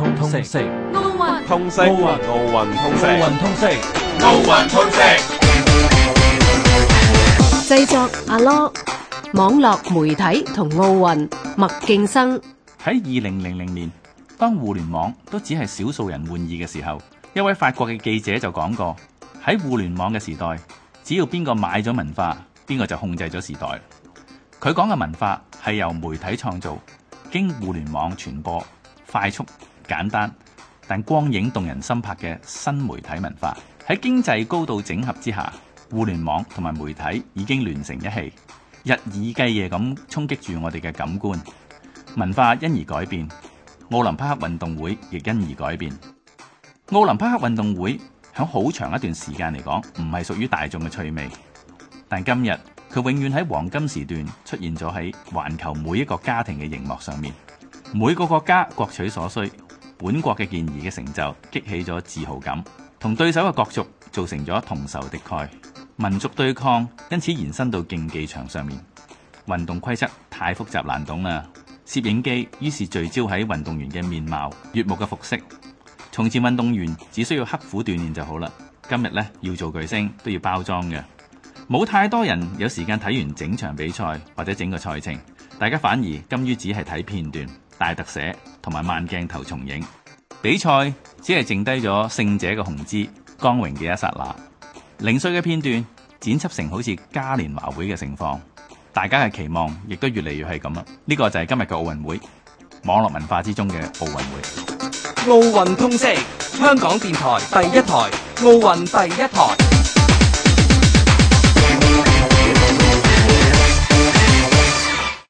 通通識，奧運，奧運，奧運，奧運通識，奧運通識。製作阿 Lo，網絡媒體同奧運麥敬生。喺二零零零年，當互聯網都只係少數人玩意嘅時候，一位法國嘅記者就講過：喺互聯網嘅時代，只要邊個買咗文化，邊個就控制咗時代。佢講嘅文化係由媒體創造，經互聯網傳播，快速。簡單，但光影動人心魄嘅新媒體文化。喺經濟高度整合之下，互聯網同埋媒體已經聯成一氣，日以繼夜咁衝擊住我哋嘅感官。文化因而改變。奧林匹克運動會亦因而改變。奧林匹克運動會響好長一段時間嚟講唔係屬於大眾嘅趣味，但今日佢永遠喺黃金時段出現咗喺環球每一個家庭嘅熒幕上面，每個國家各取所需。本國嘅健兒嘅成就激起咗自豪感，同對手嘅角逐造成咗同仇敵愾，民族對抗因此延伸到競技場上面。運動規則太複雜難懂啦，攝影機於是聚焦喺運動員嘅面貌、悅目嘅服飾。從前運動員只需要刻苦鍛煉就好啦，今日呢要做巨星都要包裝嘅。冇太多人有時間睇完整場比賽或者整個賽程，大家反而甘於只係睇片段。大特寫同埋慢鏡頭重影，比賽只係剩低咗勝者嘅雄姿，光榮嘅一剎那，零碎嘅片段剪輯成好似嘉年華會嘅盛況，大家嘅期望亦都越嚟越係咁啦。呢個就係今日嘅奧運會，網絡文化之中嘅奧運會。奧運通識，香港電台第一台，奧運第一台。